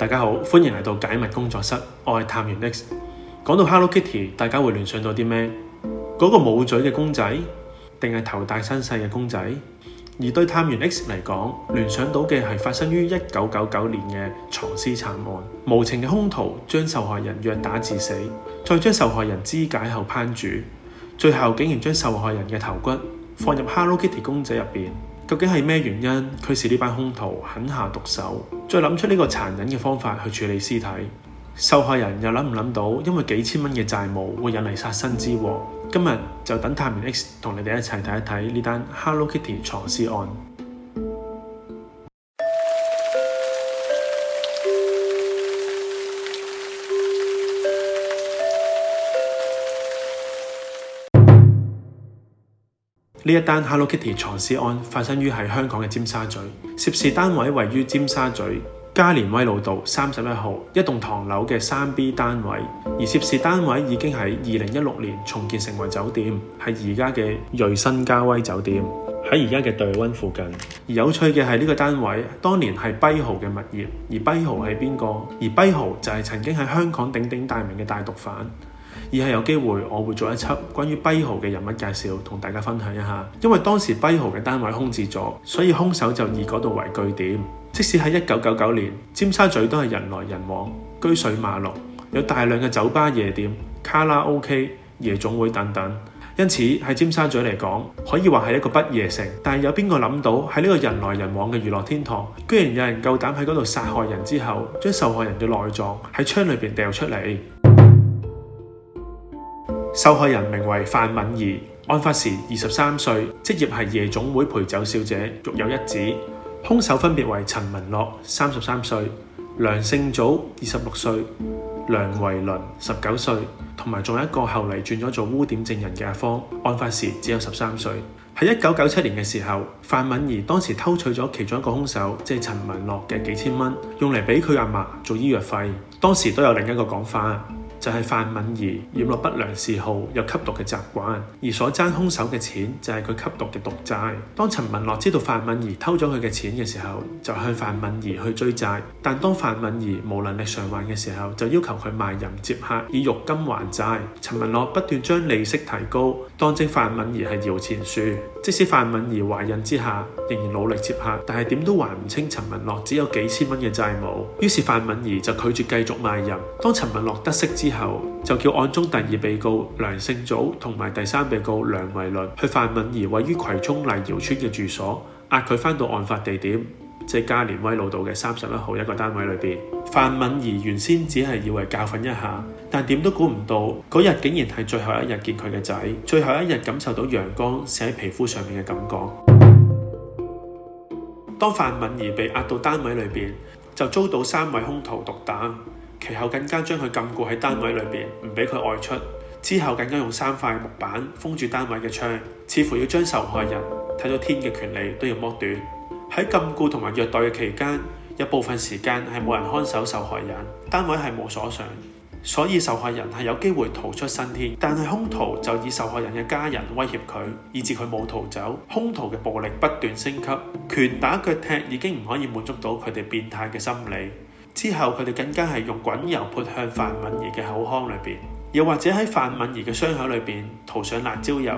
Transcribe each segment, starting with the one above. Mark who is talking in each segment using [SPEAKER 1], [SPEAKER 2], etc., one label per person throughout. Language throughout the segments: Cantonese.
[SPEAKER 1] 大家好，歡迎嚟到解密工作室，我係探員 X。講到 Hello Kitty，大家會聯想到啲咩？嗰個冇嘴嘅公仔，定係頭大身細嘅公仔？而對探員 X 嚟講，聯想到嘅係發生於一九九九年嘅藏屍慘案，無情嘅兇徒將受害人虐打致死，再將受害人肢解後烹煮，最後竟然將受害人嘅頭骨放入 Hello Kitty 公仔入邊。究竟係咩原因驅使呢班兇徒狠下毒手，再諗出呢個殘忍嘅方法去處理屍體？受害人又諗唔諗到，因為幾千蚊嘅債務會引嚟殺身之禍？今日就等探明 X 同你哋一齊睇一睇呢單 Hello Kitty 藏屍案。呢一單 Hello Kitty 藏屍案發生於喺香港嘅尖沙咀，涉事單位位於尖沙咀加連威老道三十一號一棟唐樓嘅三 B 單位，而涉事單位已經喺二零一六年重建成為酒店，係而家嘅瑞新加威酒店，喺而家嘅對溫附近。而有趣嘅係呢個單位，當年係跛豪嘅物業，而跛豪係邊個？而跛豪就係曾經喺香港鼎鼎大名嘅大毒販。而係有機會，我會做一輯關於跛豪嘅人物介紹，同大家分享一下。因為當時跛豪嘅單位空置咗，所以兇手就以嗰度為據點。即使喺一九九九年，尖沙咀都係人來人往、居水馬龍，有大量嘅酒吧、夜店、卡拉 OK、夜總會等等。因此喺尖沙咀嚟講，可以話係一個不夜城。但係有邊個諗到喺呢個人來人往嘅娛樂天堂，居然有人夠膽喺嗰度殺害人之後，將受害人嘅內臟喺窗裏邊掉出嚟？受害人名為樊敏儀，案發時二十三歲，職業係夜總會陪酒小姐，育有一子。兇手分別為陳文樂（三十三歲）、梁勝祖（二十六歲）、梁維倫（十九歲）同埋仲有一個後嚟轉咗做污點證人嘅阿芳，案發時只有十三歲。喺一九九七年嘅時候，樊敏儀當時偷取咗其中一個兇手，即係陳文樂嘅幾千蚊，用嚟俾佢阿嫲做醫藥費。當時都有另一個講法。就係樊敏儀染落不良嗜好，有吸毒嘅習慣，而所欠兇手嘅錢就係佢吸毒嘅毒債。當陳文樂知道樊敏儀偷咗佢嘅錢嘅時候，就向樊敏儀去追債，但當樊敏儀無能力償還嘅時候，就要求佢賣淫接客以肉金還債。陳文樂不斷將利息提高，當正樊敏儀係搖錢樹。即使樊敏儀懷孕之下，仍然努力接客，但係點都還唔清陳文樂只有幾千蚊嘅債務，於是樊敏儀就拒絕繼續賣淫。當陳文樂得悉之後，就叫案中第二被告梁勝祖同埋第三被告梁偉倫去樊敏儀位於葵涌麗瑤村嘅住所，押佢返到案發地點。即係加連威老道嘅三十一號一個單位裏邊，范敏儀原先只係以為教訓一下，但點都估唔到嗰日竟然係最後一日見佢嘅仔，最後一日感受到陽光射喺皮膚上面嘅感覺。當范敏儀被押到單位裏邊，就遭到三位兇徒毒打，其後更加將佢禁錮喺單位裏邊，唔俾佢外出。之後更加用三塊木板封住單位嘅窗，似乎要將受害人睇到天嘅權利都要剝奪。喺禁錮同埋虐待嘅期間，有部分時間係冇人看守受害人，單位係冇鎖上，所以受害人係有機會逃出生天。但係兇徒就以受害人嘅家人威脅佢，以至佢冇逃走。兇徒嘅暴力不斷升級，拳打腳踢已經唔可以滿足到佢哋變態嘅心理。之後佢哋更加係用滾油潑向樊敏儀嘅口腔裏邊，又或者喺樊敏儀嘅傷口裏邊塗上辣椒油，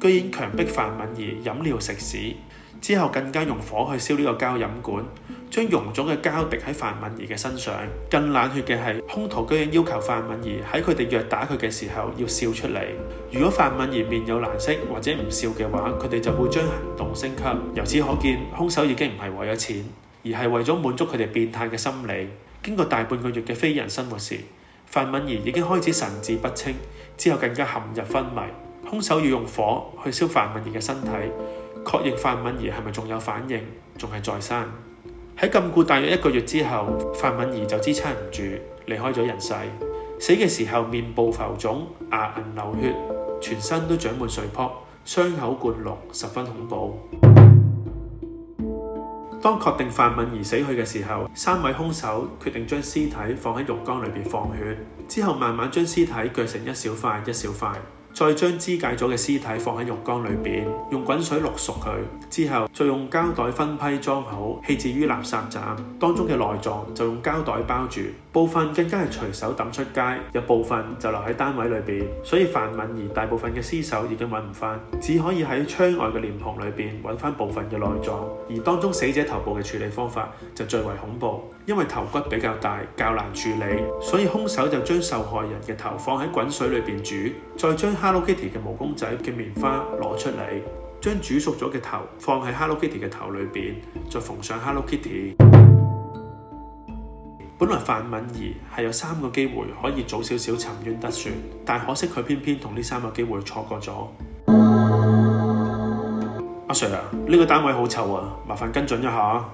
[SPEAKER 1] 居然強迫樊敏儀飲料食屎。之後更加用火去燒呢個膠飲管，將溶咗嘅膠滴喺樊敏儀嘅身上。更冷血嘅係，兇徒居然要求樊敏儀喺佢哋虐打佢嘅時候要笑出嚟。如果樊敏儀面有難色或者唔笑嘅話，佢哋就會將行動升級。由此可見，兇手已經唔係為咗錢，而係為咗滿足佢哋變態嘅心理。經過大半個月嘅非人生活時，樊敏儀已經開始神志不清，之後更加陷入昏迷。兇手要用火去燒樊敏儀嘅身體。確認樊敏儀係咪仲有反應，仲係在生。喺禁錮大約一個月之後，樊敏儀就支撐唔住，離開咗人世。死嘅時候面部浮腫、牙齦流血、全身都長滿水疱、傷口灌膿，十分恐怖。 當確定樊敏儀死去嘅時候，三位凶手決定將屍體放喺浴缸裏邊放血，之後慢慢將屍體鋸成一小塊一小塊。再將肢解咗嘅屍體放喺浴缸裏面，用滾水燙熟淥熟佢，之後再用膠袋分批裝好，棄置於垃圾站。當中嘅內臟就用膠袋包住。部分更加係隨手抌出街，有部分就留喺單位裏邊，所以樊敏儀大部分嘅屍首已經揾唔翻，只可以喺窗外嘅簷篷裏邊揾翻部分嘅內臟。而當中死者頭部嘅處理方法就最為恐怖，因為頭骨比較大，較難處理，所以兇手就將受害人嘅頭放喺滾水裏邊煮，再將 Hello Kitty 嘅毛公仔嘅棉花攞出嚟，將煮熟咗嘅頭放喺 Hello Kitty 嘅頭裏邊，再縫上 Hello Kitty。本來樊敏儀係有三個機會可以早少少沉冤得雪，但可惜佢偏偏同呢三個機會錯過咗。 阿 Sir 啊，呢個單位好臭啊，麻煩跟進。一下。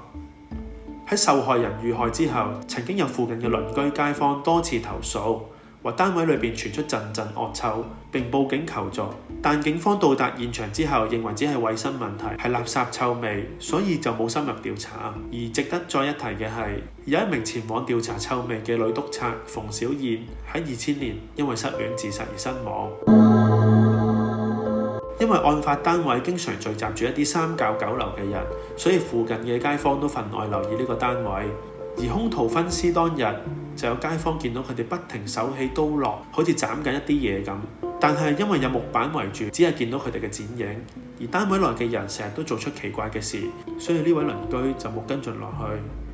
[SPEAKER 1] 喺 受害人遇害之後，曾經有附近嘅鄰居街坊多次投訴。單位裏邊傳出陣陣惡臭，並報警求助，但警方到達現場之後，認為只係衛生問題，係垃圾臭味，所以就冇深入調查。而值得再一提嘅係，有一名前往調查臭味嘅女督察馮小燕喺二千年因為失戀自殺而身亡。因為案發單位經常聚集住一啲三教九流嘅人，所以附近嘅街坊都分外留意呢個單位。而兇徒分屍當日，就有街坊見到佢哋不停手起刀落，好似斬緊一啲嘢咁。但係因為有木板圍住，只係見到佢哋嘅剪影。而單位內嘅人成日都做出奇怪嘅事，所以呢位鄰居就冇跟進落去。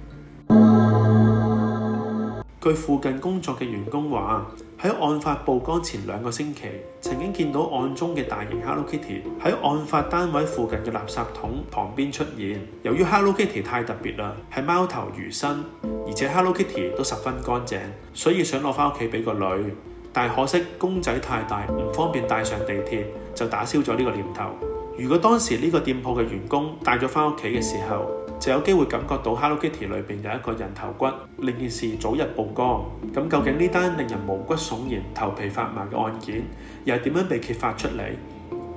[SPEAKER 1] 據附近工作嘅員工話，喺案發曝光前兩個星期，曾經見到案中嘅大型 Hello Kitty 喺案發單位附近嘅垃圾桶旁邊出現。由於 Hello Kitty 太特別啦，係貓頭魚身，而且 Hello Kitty 都十分乾淨，所以想攞翻屋企俾個女。但係可惜公仔太大，唔方便帶上地鐵，就打消咗呢個念頭。如果當時呢個店鋪嘅員工帶咗翻屋企嘅時候，就有機會感覺到 Hello Kitty 裏邊有一個人頭骨，令件事早日曝光。咁究竟呢單令人毛骨悚然、頭皮發麻嘅案件又係點樣被揭發出嚟？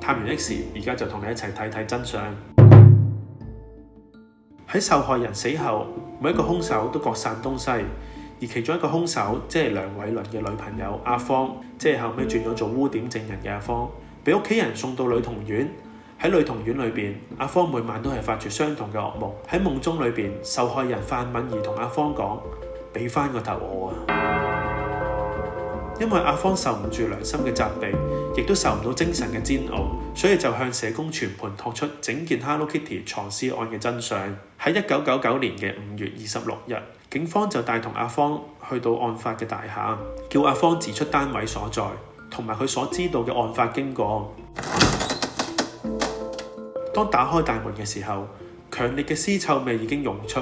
[SPEAKER 1] 探完 X，而家就同你一齊睇睇真相。喺受害人死後，每一個兇手都各散東西，而其中一個兇手即係梁偉倫嘅女朋友阿芳，即係後尾轉咗做污點證人嘅阿芳，俾屋企人送到女童院。喺女童院裏邊，阿芳每晚都係發住相同嘅惡夢。喺夢中裏邊，受害人樊敏儀同阿芳講：俾翻個頭我啊！因為阿芳受唔住良心嘅責備，亦都受唔到精神嘅煎熬，所以就向社工全盤托出整件 Hello Kitty 藏屍案嘅真相。喺一九九九年嘅五月二十六日，警方就帶同阿芳去到案發嘅大廈，叫阿芳指出單位所在同埋佢所知道嘅案發經過。當打開大門嘅時候，強烈嘅屍臭味已經湧出，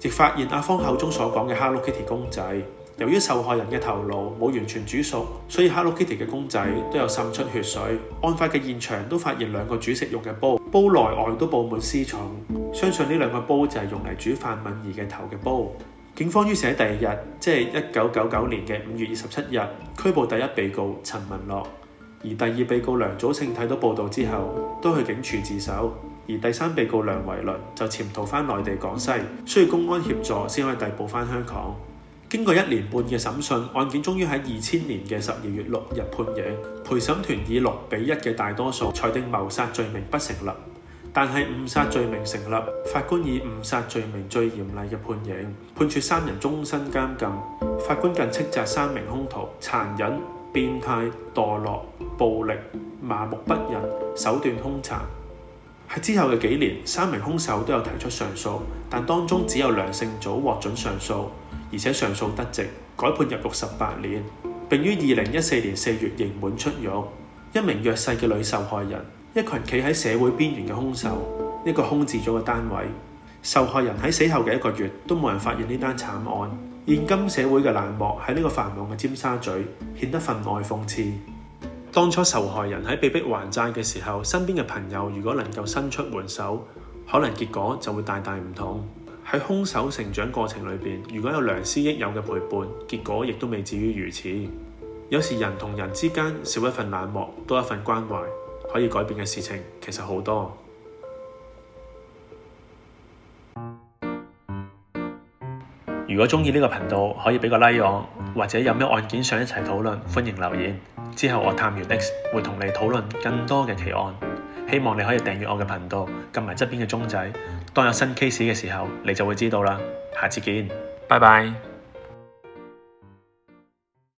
[SPEAKER 1] 亦發現阿芳口中所講嘅 Hello Kitty 公仔。由於受害人嘅頭顱冇完全煮熟，所以 Hello Kitty 嘅公仔都有滲出血水。案發嘅現場都發現兩個煮食用嘅煲，煲內外都布滿屍蟲。相信呢兩個煲就係用嚟煮樊敏儀嘅頭嘅煲。警方於是喺第二日，即係一九九九年嘅五月二十七日，拘捕第一被告陳文樂。而第二被告梁祖勝睇到報道之後，都去警署自首；而第三被告梁維倫就潛逃翻內地廣西，需要公安協助先可以逮捕翻香港。經過一年半嘅審訊，案件終於喺二千年嘅十二月六日判刑。陪審團以六比一嘅大多數裁定謀殺罪名不成立，但係誤殺罪名成立。法官以誤殺罪名最嚴厲嘅判刑，判處三人終身監禁。法官更斥責三名兇徒殘忍。變態、墮落、暴力、麻木不仁、手段凶殘。喺之後嘅幾年，三名兇手都有提出上訴，但當中只有梁勝祖獲准上訴，而且上訴得直，改判入獄十八年。並於二零一四年四月刑滿出獄。一名弱勢嘅女受害人，一群企喺社會邊緣嘅兇手，一個空置咗嘅單位。受害人喺死後嘅一個月都冇人發現呢單慘案。現今社會嘅冷漠喺呢個繁忙嘅尖沙咀顯得分外諷刺。當初受害人喺被逼還債嘅時候，身邊嘅朋友如果能夠伸出援手，可能結果就會大大唔同。喺兇手成長過程裏邊，如果有良師益友嘅陪伴，結果亦都未至於如此。有時人同人之間少一份冷漠，多一份關懷，可以改變嘅事情其實好多。如果鍾意呢個頻道，可以畀個 like 我，或者有咩案件想一齊討論，歡迎留言。之後我探完 X 會同你討論更多嘅奇案，希望你可以訂閱我嘅頻道，撳埋側邊嘅鐘仔，當有新 case 嘅時候，你就會知道啦。下次見，拜拜。